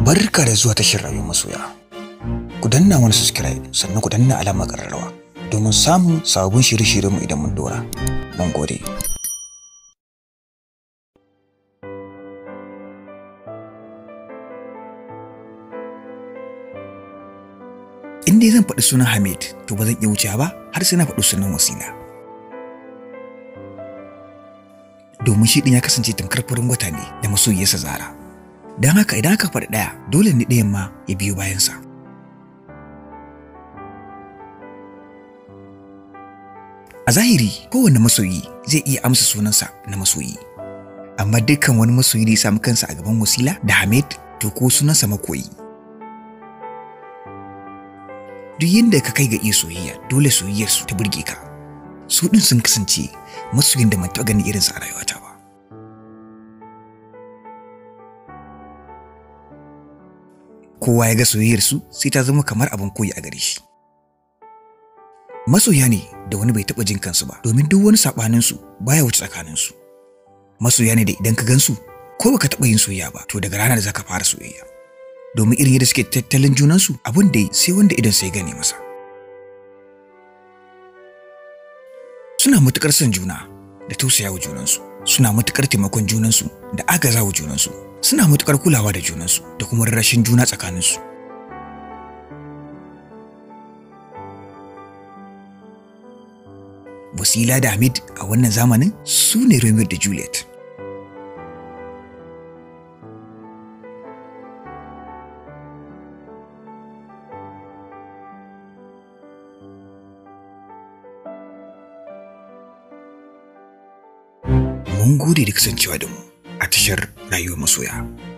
barka da zuwa ta rayuwar masoya ku danna wani subscribe sannan ku danna alamar ƙararrawa domin samun sabon shirye-shiryenmu idan mun dora mun gode in dai zan faɗi sunan hamid to ba zan iya wuce ba har sai na faɗi sunan wasila domin shi ɗin ya kasance tamkar farin wata ne da masoyiyarsa zara don haka idan aka faɗi ɗaya dole ni ɗayan ma ya biyo bayansa a zahiri kowane masoyi zai iya amsa sunansa na masoyi amma dukkan wani masoyi da ya samu kansa a gaban wasila da hamid to ko sunansa makoyi duk yadda ka kai ga iya soyayya dole soyayyarsu ta burge ka su ɗin sun kasance masoyin da mun taɓa ganin irinsa a rayuwata ba kowa ya ga soyayyar su sai ta zama kamar abin koyi a gare shi masoya ne da wani bai taɓa jin kansu ba domin duk wani saɓanin su baya wuce tsakanin su masoya ne da idan ka gansu ko baka taɓa yin soyayya ba to daga ranar da zaka fara soyayya domin irin yadda suke tattalin junansu abin da sai wanda idan sai gane masa suna matuƙar son juna da tausayawa junansu suna matuƙar taimakon junansu da agazawa junansu suna matuƙar kulawa da junansu da kuma rashin juna tsakaninsu. Wasila da Hamid a wannan zamanin su ne Romeo da Juliet. Mun gode da kasancewa da mu. a tashar rayuwar masoya.